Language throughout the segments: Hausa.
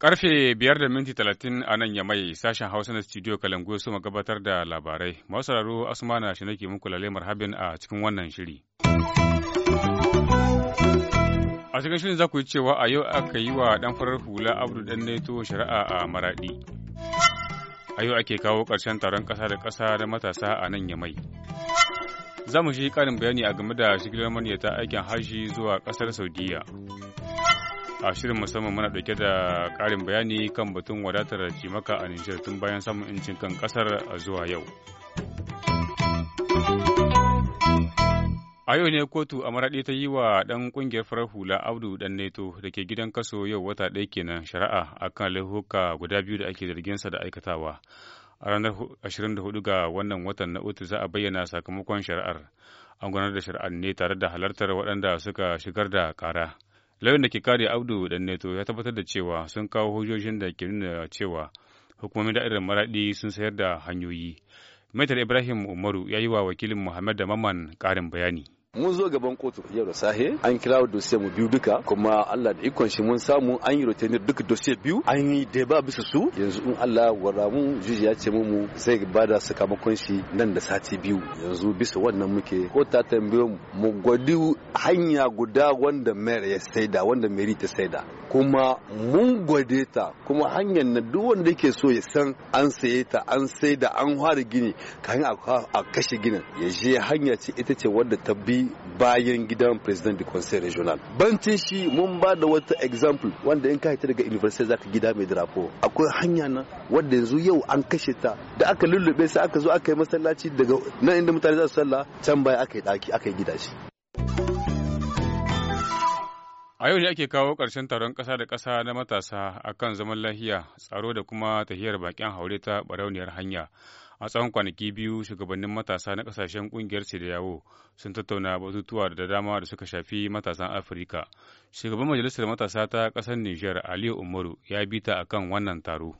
Karfe biyar da minti talatin a nan ya mai sashen Hausa na studio Kalangu su gabatar da labarai. Masu sauraro Asmana shi nake muku lalle marhabin a cikin wannan shiri. A cikin shirin za ku yi cewa a yau aka yi wa ɗan farar hula Abdu Dan Neto shari'a a Maraɗi. A yau ake kawo ƙarshen taron ƙasa da ƙasa da matasa a nan ya mai. Za mu shi ƙarin bayani a game da shigilar ta aikin hajji zuwa ƙasar Saudiyya. a shirin musamman muna dauke da karin bayani kan batun wadatar cimaka a nijar tun bayan samun incin kan kasar a zuwa yau a yau ne kotu a maraɗi ta yi wa ɗan ƙungiyar farar hula abdu ɗan neto da ke gidan kaso yau wata ɗaya kenan shari'a akan laifuka guda biyu da ake zarginsa da aikatawa a ranar 24 ga wannan watan na uku za a bayyana sakamakon shari'ar an gudanar da shari'ar ne tare da halartar waɗanda suka shigar da ƙara. lauyan da ke kare abdu dan neto ya tabbatar da cewa sun kawo hujjojin da ke nuna cewa hukumomin da'irar maraɗi sun sayar da hanyoyi maitar ibrahim umaru ya yi wa wakilin muhammad da maman ƙarin bayani mun zo gaban kotu yau da sahe an kira dosiye mu biyu duka kuma Allah da ikon shi mun samu an yi rotenir duka dosiye biyu an yi ba bisa su yanzu in Allah wara mu juji ya ce mu zai bada sakamakon shi nan da sati biyu yanzu bisa wannan muke ko ta tambaye mu mu gwadi hanya guda wanda mayar ya saida wanda meri ta saida kuma mun gwade ta kuma hanyar na duk wanda yake so ya san an saye ta an saida an hwara gini kayan a kashe ginin ya je hanya ce ita ce wanda ta bi bayan gidan president du conseil regional bancin shi mun ba da wata example wanda in ka haita daga university zaka gida mai drapo akwai hanya na wanda yanzu yau an kashe ta da aka lullube sai aka zo aka yi masallaci daga nan inda mutane za su sallah can baya aka yi daki aka yi gidashi A yau ne ake kawo ƙarshen taron ƙasa da ƙasa na matasa akan zaman lahiya, tsaro da kuma tahiyar bakin haure ta barauniyar hanya. a tsawon kwanaki biyu shugabannin matasa na kasashen kungiyar yawo sun tattauna batutuwa da dama da suka shafi matasan afirka shugaban majalisar matasa ta kasar niger aliyu umaru ya bita akan wannan taro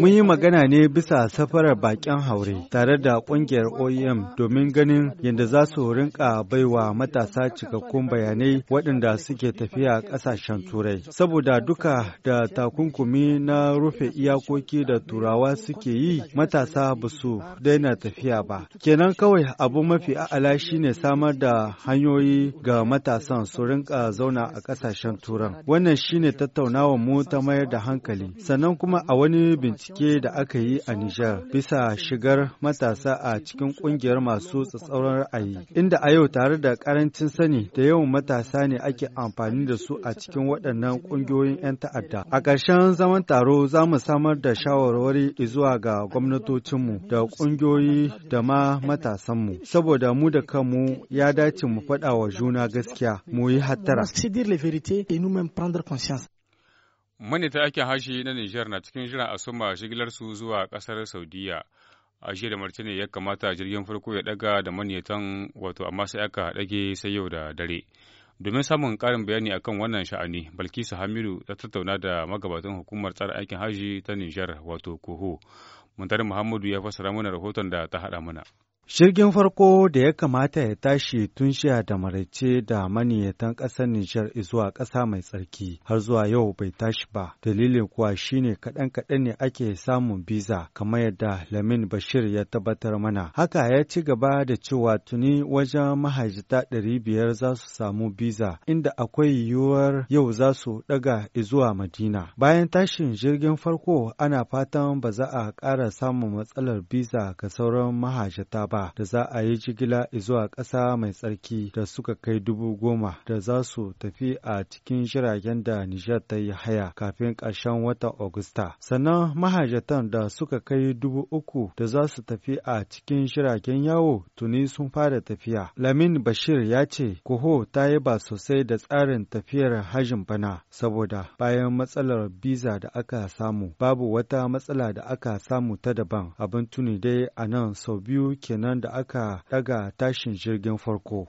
Mun yi magana ne bisa safarar baƙin haure tare da ƙungiyar OEM domin ganin yadda za su rinka baiwa matasa cikakkun bayanai waɗanda suke tafiya ƙasashen turai. Saboda duka da takunkumi na rufe iyakoki da turawa suke yi matasa ba su daina tafiya ba. Kenan kawai abu mafi a'ala shine samar da hanyoyi ga matasan su rinka zauna a ƙasashen turan. Wannan shine tattaunawa mu ta mayar da hankali hankali. Sannan kuma a wani bincike da aka yi a Nijar bisa shigar matasa a cikin ƙungiyar masu tsatsauran ra'ayi, inda a yau tare da karancin sani da yawan matasa ne ake amfani da su a cikin waɗannan ƙungiyoyin 'yan ta'adda. A ƙarshen zaman taro za mu samar da shawarwari zuwa ga gwamnatocinmu da ƙungiyoyi da ma matasanmu, saboda mu da kanmu ya dace mu faɗa wa juna gaskiya mu yi hattara. manita aikin hashi na Nijar na cikin jiran a suma su zuwa kasar Saudiya. A jiya da martini ya kamata jirgin farko ya daga da manitan wato amma sai aka dage sai yau da dare. Domin samun karin bayani akan wannan sha'ani, Balkisu Hamidu ta tattauna da magabatan hukumar tsara aikin haji ta Nijar wato Koho. Muntari Muhammadu ya fassara mana rahoton da ta haɗa mana. Shirgin farko da ya kamata ya tashi tun shiya da maraice da maniyatan ƙasar Nijar zuwa ƙasa mai tsarki har zuwa yau bai tashi ba. Dalilin kuwa shine kaɗan kaɗan ne ake samun biza kamar yadda Lamin Bashir ya tabbatar mana. Haka ya ci gaba da cewa tuni wajen mahajita ɗari biyar za su samu biza inda akwai yiwuwar yau za su ɗaga zuwa Madina. Bayan tashin jirgin farko ana fatan ba za a ƙara samun matsalar biza ga sauran mahajita ba. ba da za a yi jigila zuwa ƙasa mai tsarki da suka kai dubu goma da za su tafi a cikin jiragen da Nijar ta yi haya kafin ƙarshen watan Agusta. Sannan mahajatan da suka kai dubu uku da za su tafi a cikin jiragen yawo tuni sun fara tafiya. Lamin Bashir ya ce, Koho ta yi ba sosai da tsarin tafiyar hajin bana saboda bayan matsalar biza da aka samu babu wata matsala da aka samu ta daban abin tuni dai a nan sau biyu kenan nan da aka daga tashin jirgin farko.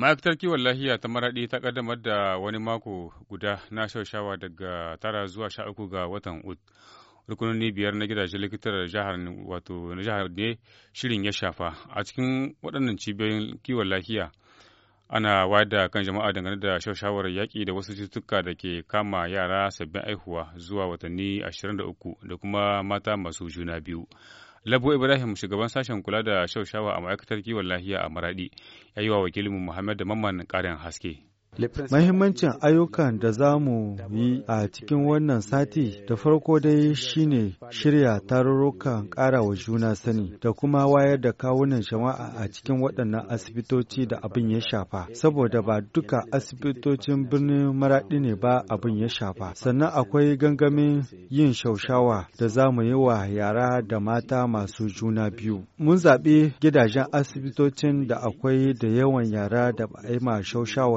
ma'aikatar kiwon lafiya ta maraɗi ta ƙaddamar da wani mako guda na shaushawa daga tara zuwa sha uku ga watan ut rukunoni biyar na gidajen likitar jihar wato na jihar ne shirin ya shafa a cikin waɗannan cibiyoyin kiwon lafiya ana wayar da kan jama'a dangane da shaushawar yaƙi da wasu cututtuka da ke kama yara sabbin aihuwa zuwa watanni ashirin da uku da kuma mata masu juna biyu Labo Ibrahim shugaban sashen kula da shaushawa a ma'aikatar kiwon lafiya a Maradi ya yi wa wakilinmu Muhammad Mamman ƙarin haske. Mahimmancin ayyukan da za mu yi a cikin wannan sati da farko dai shine shirya tarurrukan ƙarawa juna sani da kuma wayar da kawunan jama'a a cikin waɗannan asibitoci da abin ya shafa saboda ba duka asibitocin birnin maraɗi ne ba abin ya shafa sannan akwai gangamin yin shaushawa da za mu yi wa yara da mata masu juna biyu mun zaɓi gidajen asibitocin da akwai da yawan yara da ba ma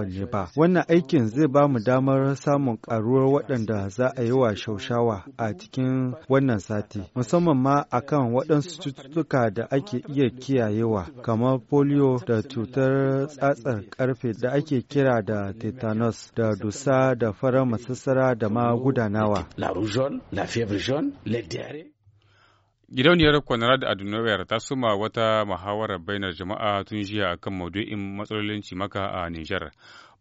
ne ba Wannan aikin zai ba mu damar samun ƙaruwar waɗanda za a yi wa shaushawa a cikin wannan sati, musamman ma a kan waɗansu cututtuka da ake iya kiyayewa, kamar polio da cutar tsatsar ƙarfe da ake kira da tetanus da dusa da farar masassara da ma gudanawa. Gidauniyar Kwanarad Adunawayar ta suma wata muhawarar bainar jama'a tun jiya akan maudu'in matsalolin cimaka a Nijar.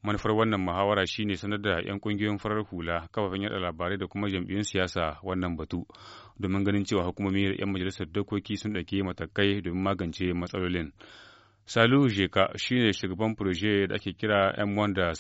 manufar wannan muhawara shine sanar da 'yan kungiyoyin farar hula kafafen yada labarai da kuma jam'iyyun siyasa wannan batu domin ganin cewa hukumomi da 'yan majalisar dokoki sun ɗauki matakai domin magance matsalolin salu jeka shine shugaban proje da ake kira m1 da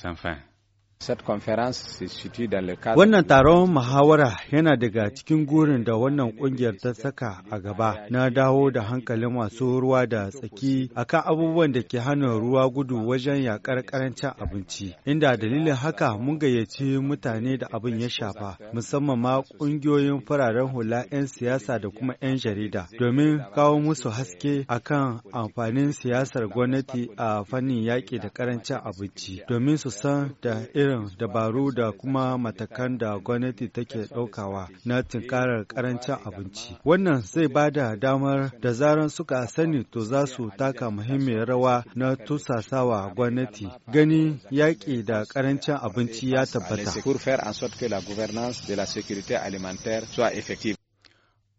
Wannan taron muhawara yana daga cikin gurin da wannan kungiyar ta saka a gaba na dawo da hankalin masu ruwa da tsaki akan abubuwan da ke hana ruwa gudu wajen yakar karancin abinci. Inda dalilin haka mun gayyaci mutane da abin ya shafa musamman ma kungiyoyin fararen hula 'yan siyasa da kuma 'yan jarida domin kawo musu haske akan amfanin siyasar gwamnati a fannin yaƙi da karancin abinci domin su san da irin dabaru da kuma matakan da gwamnati take ɗaukawa na tinkarar karancin abinci. Wannan zai ba da damar da zaran suka sani to za su taka muhimmiyar rawa na tusasawa gwamnati gani yaƙi da karancin abinci ya tabbata.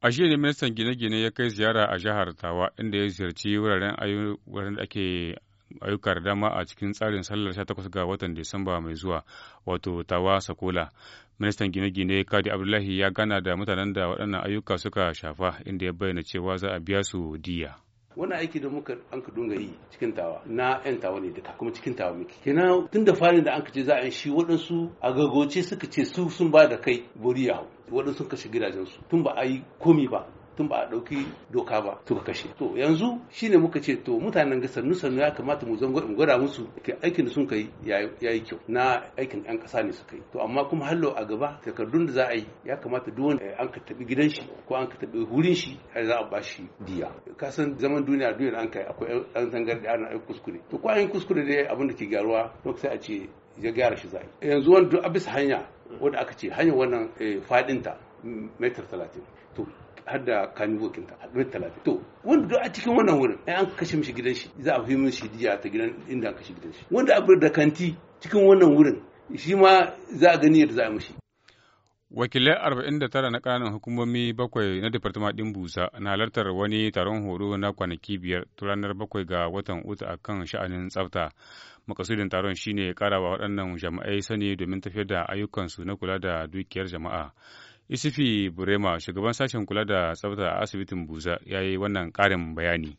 A shi ne ministan gine-gine ya kai ziyara a jihar Tawa inda ya ziyarci wuraren da ake ayyuka da dama a cikin tsarin sallar 18 ga watan Disamba mai zuwa wato tawa sakola. Ministan gine-gine Kadi Abdullahi ya gana da mutanen da waɗannan ayyuka suka shafa inda ya bayyana cewa za a biya su diya. wani aiki da muka an ka dunga yi cikin tawa na yan tawa ne duka kuma cikin tawa muke kina tun da farin da an ka ce za a yi shi waɗansu a gagoce suka ce su sun ba da kai bori ya hau waɗansu ka shiga gidajensu tun ba a yi komi ba tun ba a ɗauki doka ba to ka kashe to yanzu shine muka ce to mutanen ga sannu sannu ya kamata mu zan gwada musu ke aikin da sun kai yayi kyau na aikin ɗan ƙasa ne suka yi to amma kuma hallo a gaba takardun da za a yi ya kamata duk wanda eh, an ka tabi gidan shi ko an ka tabi wurin shi za a ba shi diya ka san zaman duniya duniyar an kai akwai ɗan zangar da ana kuskure to ko an kuskure dai abin da ke gyaruwa sai a ce ya gyara shi a yanzu wani duk abis hanya wanda aka ce hanyar wannan eh, fadinta metar talatin to har da kami bokinta a ɗari talatin to wanda duk a cikin wannan wurin ai an kashe mishi gidan shi za a fi mishi diya ta gidan inda an kashe gidan shi wanda a da kanti cikin wannan wurin shi ma za a gani yadda za a mishi wakilai arba'in da tara na ƙananan hukumomi bakwai na departement ɗin busa na halartar wani taron horo na kwanaki biyar ta ranar bakwai ga watan uta a kan sha'anin tsafta makasudin taron shine ƙara wa waɗannan jama'ai sani domin tafiyar da ayyukansu na kula da dukiyar jama'a isifi Burema, shugaban sashen kula da tsafta a asibitin Buza, ya yi wannan ƙarin bayani.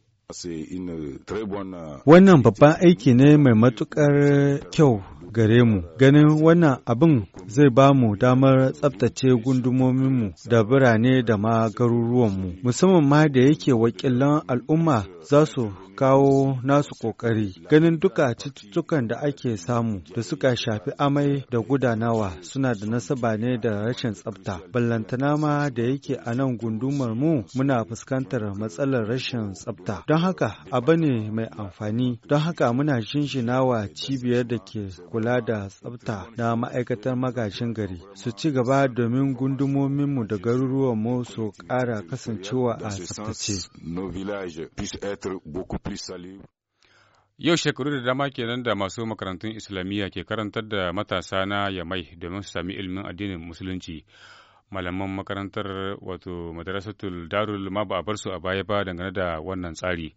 Wannan babban aiki ne mai matuƙar kyau gare mu. Ganin wannan abin zai ba mu damar tsabtace gundumominmu da birane da ma garuruwanmu, musamman ma da yake wakilan al'umma za su kawo nasu ƙoƙari. Ganin duka cututtukan da ake samu da suka shafi amai da gudanawa suna da nasaba ne da rashin tsabta. Ballantana ma da yake a nan gundumar mu muna fuskantar matsalar rashin tsabta. Don haka abu ne mai amfani, don haka muna shinshina wa cibiyar da ke kula da tsabta na ma'aikatar magajin gari su ci gaba domin gundumominmu da garuruwanmu su kara kasancewa a tsaftace. Yau shekaru da dama kenan da masu makarantun Islamiyya ke karantar da matasa na Yamai domin su sami ilimin addinin Musulunci. malaman makarantar wato madarasatul darul ma ba a bar su a baya ba dangane da wannan tsari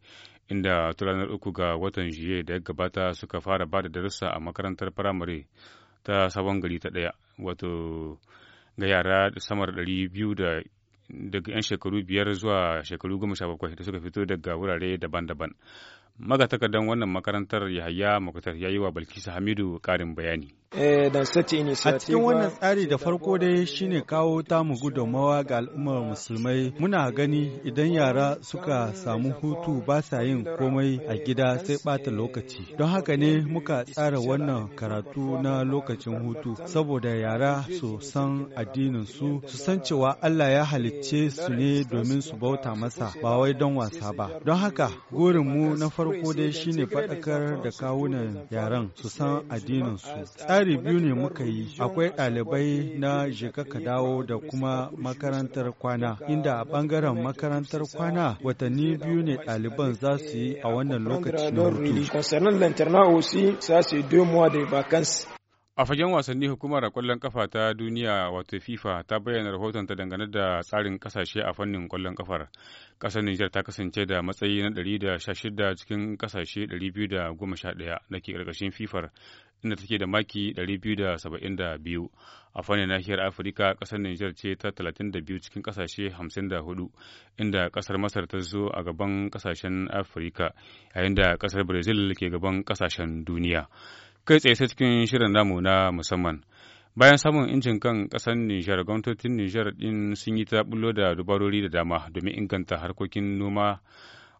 inda turanar uku ga watan juye da ya gabata suka fara ba da darussa a makarantar firamare ta sabon gari ta ɗaya wato ga yara samar ɗari biyu da daga 'yan shekaru biyar zuwa shekaru goma sha bakwai da suka fito daga wurare daban-daban magatakardan wannan makarantar yahaya makutar ya yi wa balkisa hamidu ƙarin bayani Eh, a cikin wannan tsari da farko dai shine kawo ta tamu gudunmawa ga al'ummar musulmai muna gani idan yara suka samu hutu ba sa yin komai a gida sai bata lokaci. Don haka ne muka tsara wannan karatu na lokacin hutu saboda yara su san addinin su su san cewa Allah ya halicce su ne domin su bauta masa ba wai don wasa ba. Don haka mu na farko dai shine faɗakar da kawunan yaran su san addinin su. Tsari biyu ne muka yi, akwai ɗalibai na jika ka dawo da kuma makarantar kwana, inda a bangaren makarantar kwana watanni biyu ne ɗaliban za su yi a wannan lokaci na hutu. A fagen wasanni hukumar kwallon kafa ta duniya wato FIFA ta bayyana rahoton ta dangane da tsarin kasashe a fannin kwallon kafar. Kasar Nijar ta kasance da matsayi na 116 cikin kasashe 211 da ke ƙarƙashin FIFA inda take da maki 272 a fannin nahiyar afirka kasar niger ce ta 32 cikin kasashe 54 inda kasar masar ta zo a gaban kasashen afirka yayin da kasar brazil ke gaban kasashen duniya kai tsaye sai cikin shirin namu na musamman bayan samun injin kan kasar niger gwamnatin niger din sun yi ta bullo da dubarori da dama domin inganta harkokin noma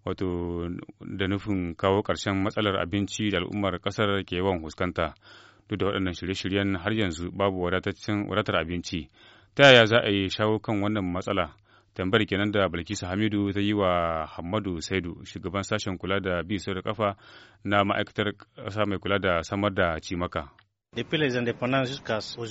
wato da nufin kawo ƙarshen matsalar abinci da al'ummar ƙasar ke yawan fuskanta duk da waɗannan shirye-shiryen har yanzu babu wadatar abinci ta yaya za a yi shawo kan wannan matsala tambayar kenan da bilkisu hamidu ta yi wa hamadu saidu shugaban sashen kula da biyu da kafa na ma'aikatar kasa mai kula da samar da cimaka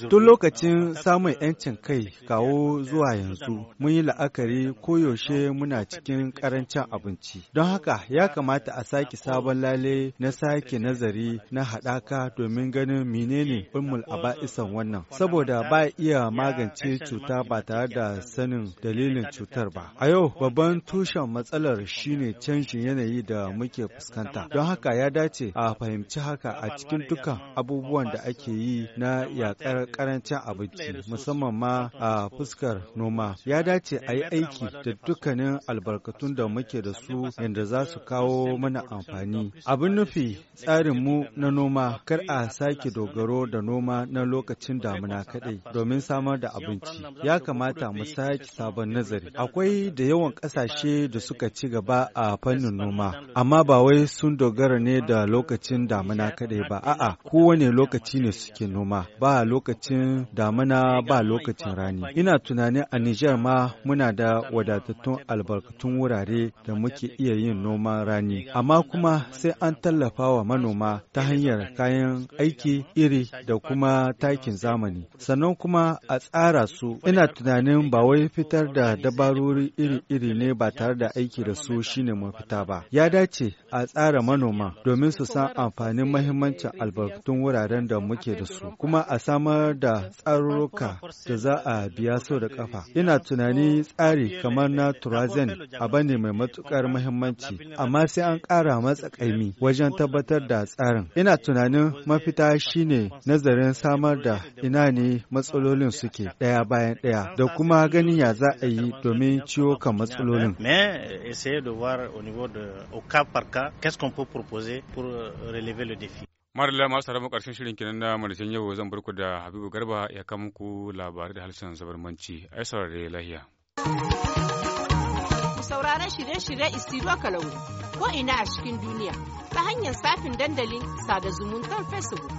Tun lokacin samun 'yancin kai kawo zuwa yanzu mun yi la'akari koyaushe muna cikin karancin abinci. Don haka ya kamata a sake sabon lale na sake nazari na haɗaka domin ganin menene ummul aba'isan wannan. Saboda ba iya magance cuta ba tare da sanin dalilin cutar ba. A yau babban tushen matsalar shine canjin yanayi da muke fuskanta. Don haka ya dace a fahimci haka a cikin dukkan abubuwan da ake yi na yakar ƙarancin abinci musamman ma a fuskar noma. Ya dace a yi aiki da dukkanin albarkatun da muke da su yadda za su kawo mana amfani. Abin nufi tsarinmu na noma kar a sake dogaro da noma na lokacin damuna kaɗai domin samar da abinci. Ya kamata mu sake sabon nazari. Akwai da yawan ƙasashe da suka ci gaba a fannin noma, amma ba wai sun dogara ne da lokacin damuna kaɗai ba, a'a kowane lokaci ne suke noma ba lokacin damuna ba lokacin rani ina tunanin a Nijar ma muna da wadatattun albarkatun wurare da muke iya yin noman rani amma kuma sai an tallafa wa manoma ta hanyar kayan aiki iri da kuma takin zamani sannan kuma a tsara su ina tunanin ba wai fitar da dabarori iri-iri ne ba tare da aiki da su shine mafita ba ya dace a tsara manoma domin su san amfanin mahimmancin albarkatun wuraren da muke da su kuma a samar da tsaruruka da za a biya sau da kafa ina tunani tsari kamar na turazen abu ne mai matukar muhimmanci amma sai an ƙara matsakaimi wajen tabbatar da tsarin ina tunanin mafita shine nazarin samar da ina ne matsalolin suke ɗaya bayan ɗaya da kuma ganin ya za a yi domin ciwo kan matsalolin le défi. Marla masu tare karshen shirin kinan na maricin yau zan ku da Habibu Garba ya kama muku labarai da halshen zabarmanci. Ai saurare lahiya. Ku saurara shirye-shirye a Kalangu ko ina a cikin duniya ta hanyar safin dandalin sada zumuntar Facebook.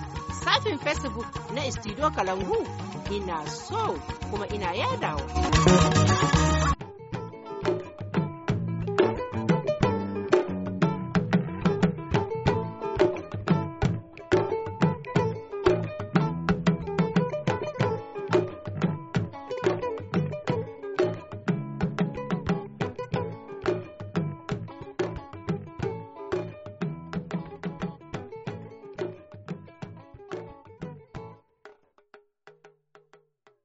Safin Facebook na Istiro Kalangu ina so kuma ina yadawa.